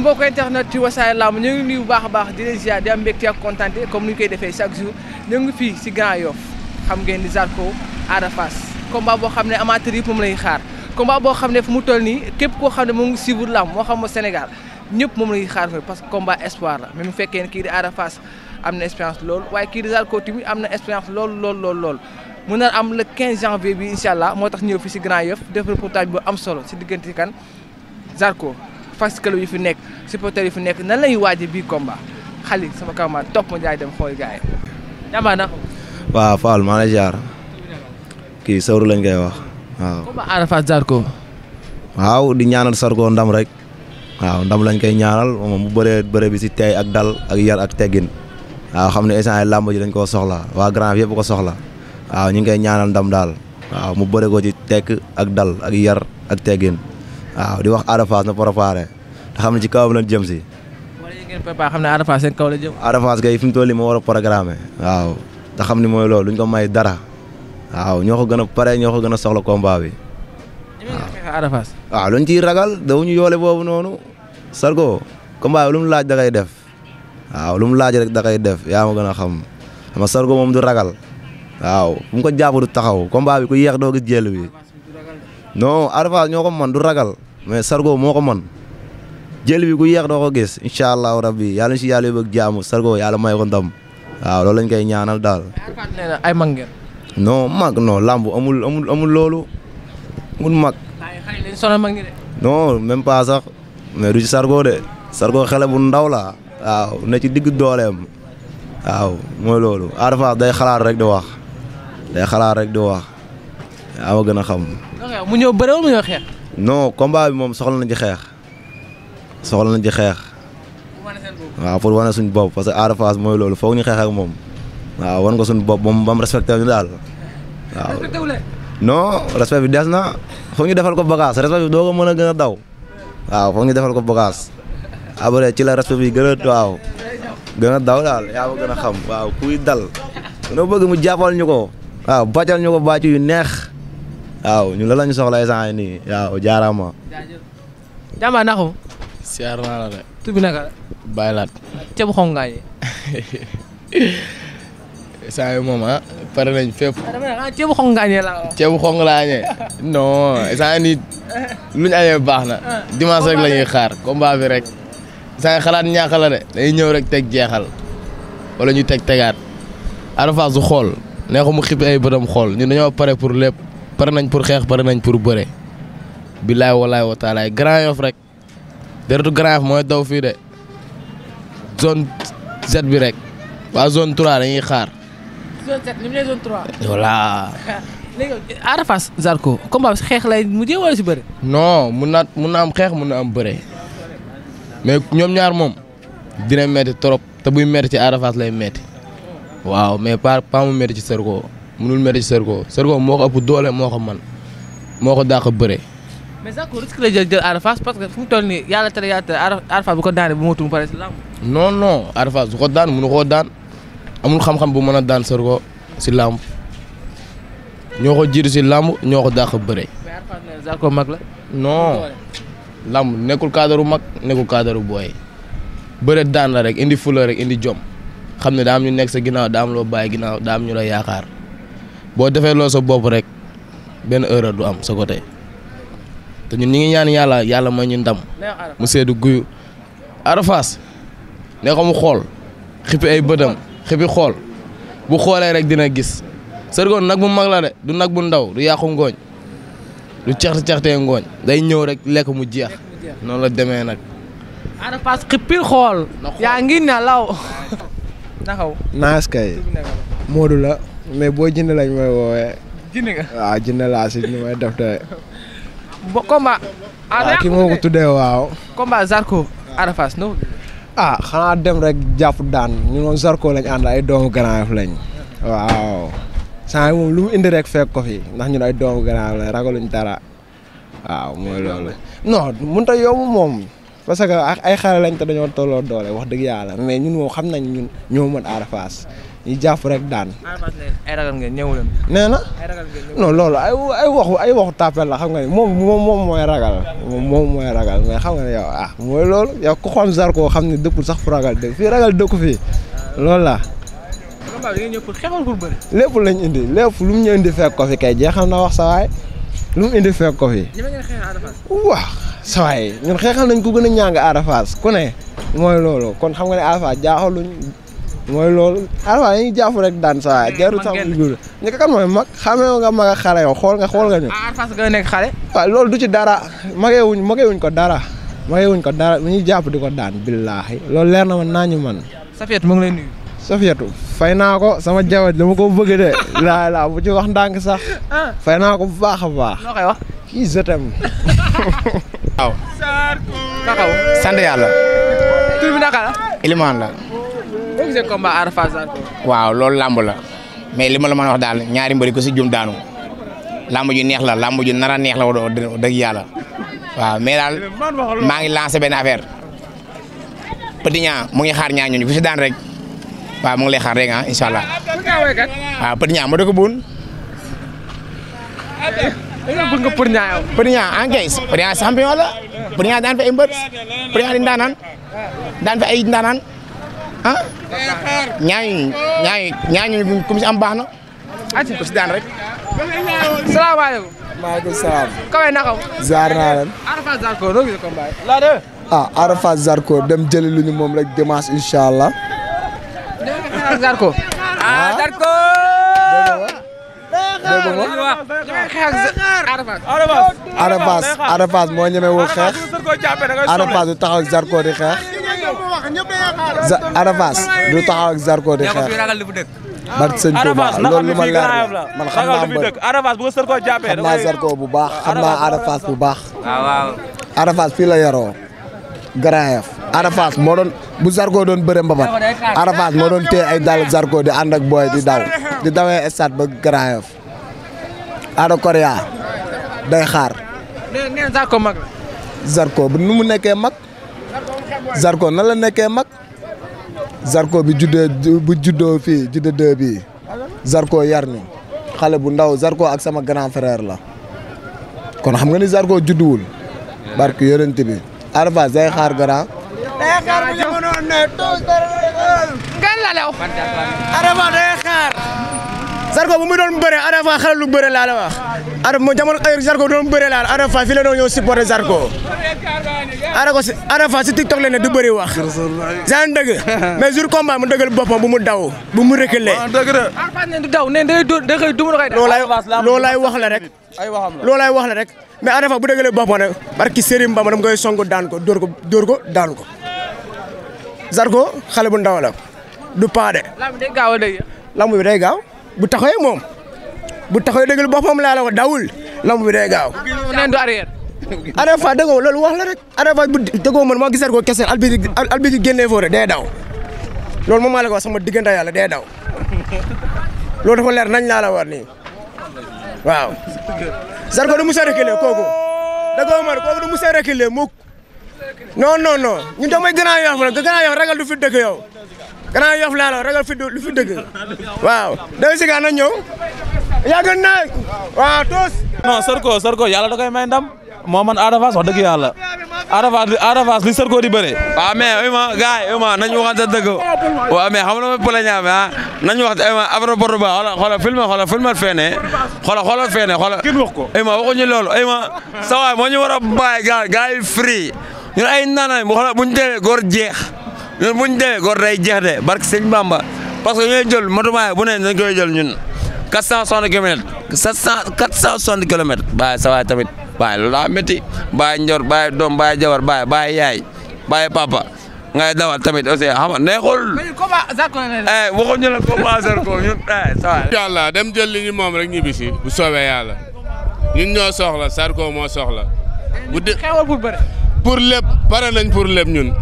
mbokk internet ci wasaare lamb ñu ngi baax a baax di leen ziar di am mbégte ak kontaan comme ni ñu koy defee chaque jour ñu ngi fii si Grand Yoff xam ngeen ni Zarko Ada Fass combat boo xam ne amateur yëpp moom la ñuy xaar combat boo xam ne fu mu toll nii képp koo xam ne mu ngi suivre lamb moo xam ma Sénégal ñëpp moom la ñuy xaar fa parce que combat espoir la même bu fekkee ne kii di Ada Fass am na expérience lool waaye kii di Zarko tamit am na lool lool lool lool. mu nar am le janvier bi incha allah moo tax ñëw fi si Grand Yoff def reportage bu am solo si diggante kan Zarko. fast club yu fi nekk supporters yi nekk nan lañuy waaje bii combat xali sama kawma topp ma jaay dem xool gars waaw Fall maa lay lañ koy wax waaw combat di ñaanal Zarko ndam rek waaw ndam lañ koy ñaanal moom bu bëree bi si tey ak dal ak yar ak teggin waaw xam ne instant làmb ji dañ koo soxla waa grand yëpp ko soxla waaw ñu ngi koy ñaanal ndam daal waaw mu bëre ko ci tekk ak dal ak yar ak teggin waaw di wax Ada na préparé te xam ne ci kawam lañ si. wala yéen ngeen ne Ada Fass seen kaw la jëm. Ada Fass kay fi mu toll nii moo war a programmé waaw xam ni mooy loolu duñ ko may dara waaw ñoo ko gën a pare ñoo ko gën a soxla combat bi. waaw waaw luñ ciy ragal dawuñu yoole boobu noonu Sarko combat bi lu mu laaj da koy def waaw lu mu laaj rek da def yaa ma gën a xam ama Sarko moom du ragal waaw bu mu ko jàpp du taxaw combat bi ku yéex doo gis bi non Ada Fass man du ragal mais sargo moo ko man jël bi ku yéex doo ko gis incha allahu rabbi yàlla si yàlla yóbbu ak jaamu Sarko yàlla may ko ndam waaw loolu lañ koy ñaanal daal. ay mag noo lamb mag amul amul amul loolu amul mag. non même pas sax mais sargo ci Sarko de Sarko bu ndaw la waaw ne ci digg dooleem waaw mooy loolu Arafat day xalaat rek di wax day xalaat rek di wax yaa gën a non combat bi moom soxla nañ ci xeex soxla nañ ci xeex. waaw pour wane suñu bopp parce que Ada mooy loolu foog ñu xeex ak moom waaw wan ko suñu bopp moom ba mu respecté ñu daal waaw. non respect bi des na foog ñu defal ko bagage respect bi doo ko mën a gën a daw waaw foog ñu defal ko bogaas après ci la respect bi gën a waaw gën a daw daal yaa ko gën a xam waaw kuy dal noo bëgg mu jàppal ñu ko waaw bàccal ñu ko bàcc yu neex. waaw ñun la la soxla instant yi nii waaw jaaraama. jaajëf jàmbaar naxum. siyaar naa la de. tur bi naka xong ngaa ñi. saa yu moom ah pare nañ fépp. ah, ah ceebu xong ngaa ñee laa. ceebu xong ay ñee non saa baax na. Ah, dimas rek la ñuy xaar combat rek. saa yu xalaat ñaax la de ñëw rek teg jeexal wala ñu teg tegaat. Arafaas du xool neexu mu xip ay bëtam xool ñun dañoo pare pour lépp. pare nañ pour xeex pare nañ pour bëre billaay walaay wa taalaay Grand Yoff rek deretu Grand Yoff mooy daw fii de zone Z bi rek waa zone 3 dañuy xaar. zone Z ni mu Zarko combat bi si xeex lay mujjee wala si bëre. non mun na mun na am xeex mun na am bëre mais ñoom ñaar moom dina metti trop te buy metti ci Ada lay metti waaw mais pas pas mu metti ci Zarko. mënul métti Zarko Zarko moo ko ëpp doole moo ko man moo ko dàq bëre. mais Zarko risque parce que fu mu toll nii yàlla tere ko daane bu motul mu pare si làmb. non non Ada Fass bu ko daan mënu koo daan amul xam-xam bu mën a daan Zarko si làmb ñoo ko jiitu si làmb ñoo ko dàq bëre. mais mag la. non làmb nekkul kaadaru mag nekkul kaadaru booy bëre daan la rek indi fula rek indi jom xam ne daa am ñu nekk sa ginnaaw daa am loo bàyyi ginnaaw daa am ñu la yaakaar. boo defee loolu sa bopp rek benn erreur du am sa te ñun ñi ngi ñaan yàlla yàlla may ñu ndam mu seedu guyu arafas ne mu xool xippi ay bëtam xippi xool bu xoolee rek dina gis Zarko nag bu mag la de du nag bu ndaw du yàqu ngooñ du caxte caxtee ngooñ day ñëw rek lekk mu jeex noonu la demee nag. arafas xippil xool. yaa ngi na law. taxaw naas kay. Modou la. mais boo jinne lañ may woowee. jinne nga waaw jinne laa si may def de. bo ah, ki moo ko tuddee waaw. combat Zarko Ada ah, xanaa dem rek jàpp daan ñu moom Zarko lañ ànd ay doomu Grand Yoff lañ. waaw. saa moom lu mu indi rek fekk ko fi ndax ñun ay doomu Grand Yoff lañ ragaluñ dara. waaw mooy loolu. non mënut a yomb moom. parce que ay xale lañ te dañoo tolloo doole wax dëgg yàlla mais ñun moom xam nañ ñun ñoo mën ñu jàpp rek daan. ay ragal ngeen ñëwuloon. nee na ay ragal ngeen non loolu ay ay waxu ay waxu tàppel la xam nga ni moom moom mooy ragal moom mooy ragal mais xam nga ne yow ah mooy loolu yow ku xool Zarko xam ne dëkkul sax fu ragal dëkk fii ragal dëkku fii loolu la. lépp lañ indi lépp lu mu ñu indi fekk ko fi kay jeexal na wax sa waay lu mu indi fekk ko fi. waaw sa waay ñun xeexal nañ ko gën a ñàng Ada Fass ku ne. mooy loolu kon xam nga ne Ada Fass jaaxaluñ mooy loolu alwaa dañuy jaafu rek daan sa waay jarul sax ñu ko kan mooy mag xamee nga mag a xale yow xool nga xool nga ñu ah, waaw loolu du ci dara mageewuñ wuñ ko dara wuñ ko dara ñu jàpp di ko daan billaahi loolu leer na ma naa ñu man Safiatou mu ngi lay nuyu Safiatou fay naa ko sama jawat dama ko bëgg de laa laa bu ci wax ndànk sax ah. fay naa ko bu baax a baax noo kii jëtam waaw sant yàlla tur la gisee combat Ada Fass daan ko. waaw loolu làmb la mais li ma a wax daal ñaari mbëri ko si jum daanu làmb ju neex la làmb ju nar neex la wala dëgg yàlla waaw mais daal maa ngi lancé benn affaire Petit mu ngi xaar ñaar ñooñu ku si daan rek waaw mu ngi xaar rek ah incha waaw Petit Niang ma dëkk buun. dina bëgg nga Petit Niang yow. Petit Niang en caisse la Petit Niang daan fa ay mbër Petit Niang di ndaanaan daan fa ay ndaanaan. ah ñaañu ñaañu ñaañu ku si am baax na. ati ku si daan rek. salaamaaleykum. maaleykum salaam. kawe nakaw. ziar naa leen. Arafa Zarko noo gisee combat bi. laa de. ah Arafa Zarko dem jëli lu ñu moom rek dimanche incha allah. Zarko. ah, ah Zarko. dégg nga Arafa Arafa moo ñemewul xeex Arafa du taxaw Zarko di xeex. Ada Fass du taxaw ak Zarko di xeex. barke sëñ loolu ma leer la xam naa mbër xam naa Zarko bu baax xam naa Ada bu baax. Ada fii la yaroo Garaayef Ada Fass moo doon bu Zarko doon bëre mbabat Ada moo doon téye ay dàll Zarko di ànd ak booy di daw di dawee stade ba Garaayef Ada Korea day xaar. Zarko mag Zarko bu nu mu nekkee mag. Zarko nan la nekkee mag Zarko bi juddee bu juddoo fii judde deux bii Zarko yar ñu xale bu ndaw Zarko ak sama grand frère la kon xam nga ni Zarko judduwul barke yonent bi Arfa day xaar grand day xaar bu jamono ne toos dara gën Zarko bu muy doon bëre Ada Fass lu bëre laa la wax Ada moom jamono ay Zarko doon bëre laa la Ada Fass fi la doon ñëw supporter Zarko Ada si TikTok la ne du bëri wax. seen dëgg mais jour combat mu dëggal boppam bu mu daw bu mu reculer. waaw dëgg la. du daw nee wax la rek. ay wax la rek mais Ada Fass bu dëggalee boppam nag barki Serigne Bamba dama koy daan ko dóor ko dóor ko daan ko. Zarko xale bu ndaw la du paade. bu taxawee moom bu taxawee dëggal boppam laa la ko dawul lamb bi day gaaw. neen du loolu wax la rek Ada Fass bu dëggoo man maa gisal ko kese albidi albidi génnee foo rek day daw loolu moom maa la ko wax sama diggante yàlla day daw loolu dafa leer nañ laa la war nii waaw. Zarko du musa reculer kooku dëggoo man kooku du musa reculer mukk non non non ñun damay gën a yomb nag gën ragal du fi dëkk yow. Grand Yoff laa la ragal fi lu fi waaw Daouda Sika na ñëw yàgg naa waaw toos. Sarko Sarko yàlla da koy may ndam moo man Ada Fass wax dëgg yàlla Ada Fass Ada Sarko di bëre. waaw mais oui ma gars yi oui ma nañu waxante dëgg waaw mais xam nga ma pële ñaame ah nañu wax oui ma affaire bor ba xoolal xoolal filmé xoolal moo a bàyyi gars gars yi free ñun ay naan bu xoolal bu ñu jeex. ñun bu ñu demee góor day jeex de barke sëñ Bamba parce que ñooy jël matumaay bu ne dañ koy jël ñun 460 kilomètres 700 460 kilomètres bàyyi sa waay tamit bàyyi loolu daa métti bàyyi njor bàyyi doom jabar bàyyi yaay bàyyi papa ngay dawal tamit aussi xam nga neexul. Eh, waxuñu la combat Zarko ñun eh, sa waay. dem jël li moom rek ñu bu soobee yàlla ñun ñoo soxla Zarko moo soxla. bu dee pour lépp pare nañ pour lépp ñun.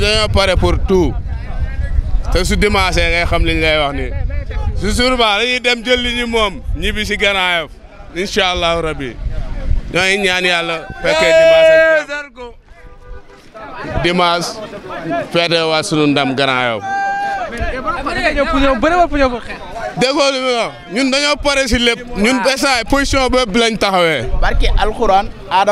dañoo pare pour tout te su dimanche ngay xam liñ lay wax nii su suur ba dañuy dem jël li ñu moom ñibbi si gannaayam incha allahu rabi ñooy ñaan yàlla fekkee dimanche dimanche feete waa sunu ndam gannaayam. déggoo li ñun dañoo pare si lépp ñun instant position bépp lañ taxawe barki alxuraan.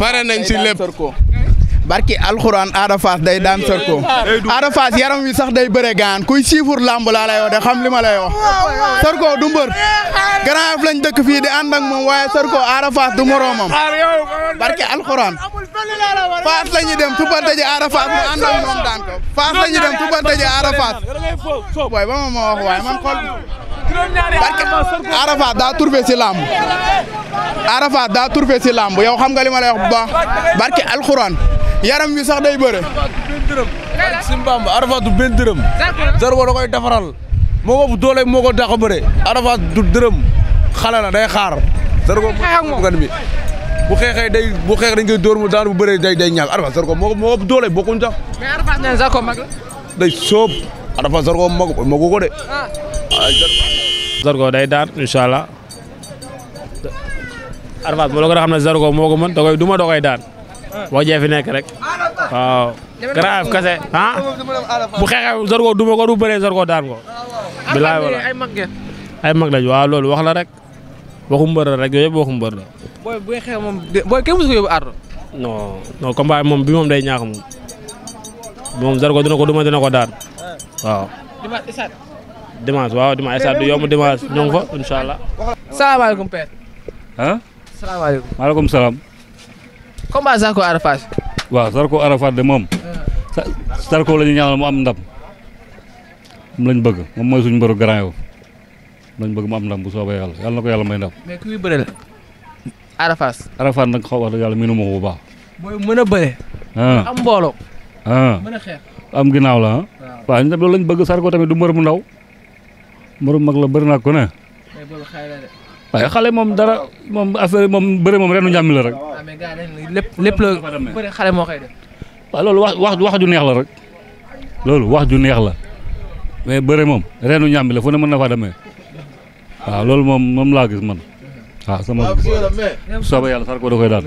pare nañ si lépp. barki alxuraan Ada day daan Zarko Ada yaram wi sax day bëre gaan kuy siifur làmb laa lay xam li ma lay wax Zarko du mbër dëkk fii di ànd ak moom waaye Zarko Ada Fass barki alxuraan Fass la ñuy dem tubante ji Ada moom daan ko Fass la ñuy dem tubante booy ba ma wax waaye man xool parce que daa turfe si làmb Arafat làmb yow xam nga li bu baax barke alxuraan yaram wi sax day bëre. Simbamba Arafat du da koy defaral moo ëpp doole moo ko bëre Arafat du dërëm xale la day xaar. Zarko gan bi bu xeexee day bu xeex dañ koy dóor mu daan bu bëree day day ñàkk Arafat Zarko moo doole bokkuñ sax. day soob Arafat Zarko mag magu de. Ah. Zarko day daan incha allah Arfas moo la ko xam ne Zarko moo ko mën duma da daan wax fi nekk rek waaw. grave kase ah bu xeexee Zarko duma ko du bëree Zarko daan ko. bilaay wala ay mag ngeen. ay mag lañ loolu wax la rek waxu mbër la rek yooyu yëpp waxu mbër bu xeex moom booy kenn mësu ko yóbbu ardo. non bi moom day ñaax moom moom Zarko dina ko duma dina ko daan eh. waaw. dimanche waaw dimanche stade du yomb dimanche ñu fa incha allah. salaamaaleykum père. ah. salaamaaleykum maaleykum salaam. combat Zarko Arafat. waaw Zarko Arafat de moom. Zarko la ñu ñaanal mu am ndam. moom lañ bëgg moom mooy suñ mbëru grand yow. lañ bëgg mu am ndam bu soobee yàlla yàlla na ko yàlla may ndam. mais kuy bëre la. Arafat. Arafat nag xaw wax dëgg yàlla miinu ma ko bu baax. mooy mën a bëre. am mbooloo. am ginnaaw la ah. waaw tamit loolu lañ bëgg Zarko tamit du m mu ndaw. moroom mag la bëri naa ko ne. waaye xale moom dara moom affaire moom bëri moom renu njàmmi la rek. Ah, lépp lépp la bëri moo koy def. waaw loolu wax wax wax ju neex la rek loolu wax ju neex la mais bëri moom reenu ñàmbi la fu ne mën na faa demee waaw loolu moom moom laa gis man waaw sama ah, soobee yàlla Zarko da koy daan.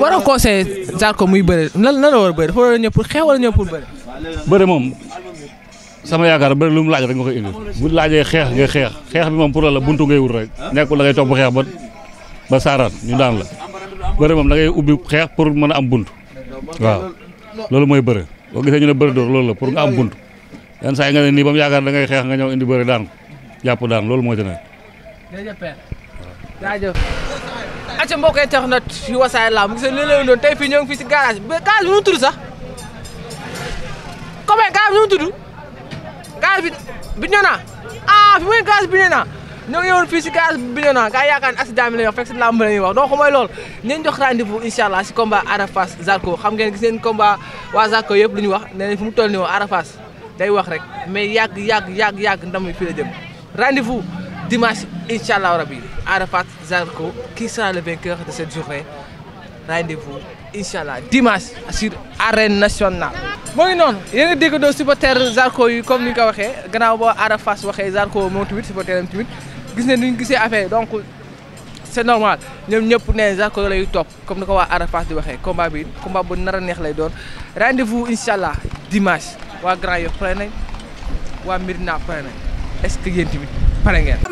waroo conseillé Zarko muy bëri lan lan la war a bëri dafa war a ñëw pour xeex wala ñëw pour bëri. bëri moom sama yaakaar bëri lu mu laaj rek nga koy indi bu laajee xeex ngay xeex xeex bi moom pour la buntu ngay wut rek nekkul da ngay topp xeex ba ba ñu daan la bëri moom da ngay ubbi xeex pour mën a am bunt waaw loolu mooy bëri boo gisee ñu ne bëri door loolu la pour nga am bunt yan saa yi nga ne nii ba mu yaakaar dangay xeex nga ñëw indi bëri daan yàpp jàpp daan loolu moo ci nekk jaajëf acca mbokk internet nga li leen doon tey fii ñoo ngi fii si garage bi garage mu tudd sax comment garage bi gaz bi Bignona ah fi mooy gaz Bignona ñoo ngi ñëwoon fii si gaz Bignona gaa yaakaar ne accident mi la ñuy wax fekk si làmb la wax donc mooy loolu nañ jox rendez-vous incha si combat Arafas Zarko xam ngeen gis ngeen combat Zarko yëpp lu ñu wax nee nañ mu toll nii woon Arafas day wax rek mais yàgg yàgg yàgg yàgg ndam mi fii la jëm rendez-vous dimanche incha allah rabi Arafat Zarko qui sera le vainqueur de cette journée incha allah dimanche sur arène nationale. moo ngi noonu yéen a dégg Zarko yi comme ni nga ko waxee gannaaw boo Ada Fass waxee Zarko moom tamit supporteram tamit gis ne ni ñu gisee affaire donc c' est normal ñoom ñëpp ne Zarko lay topp comme ni ko waa Ada Fass di waxee combat bi combat bu nar a neex lay doon rendez vous incha allah dimanche waa Grand Yoff pare nañ waa Médina pare nañ est ce que yéen tamit pare ngeen.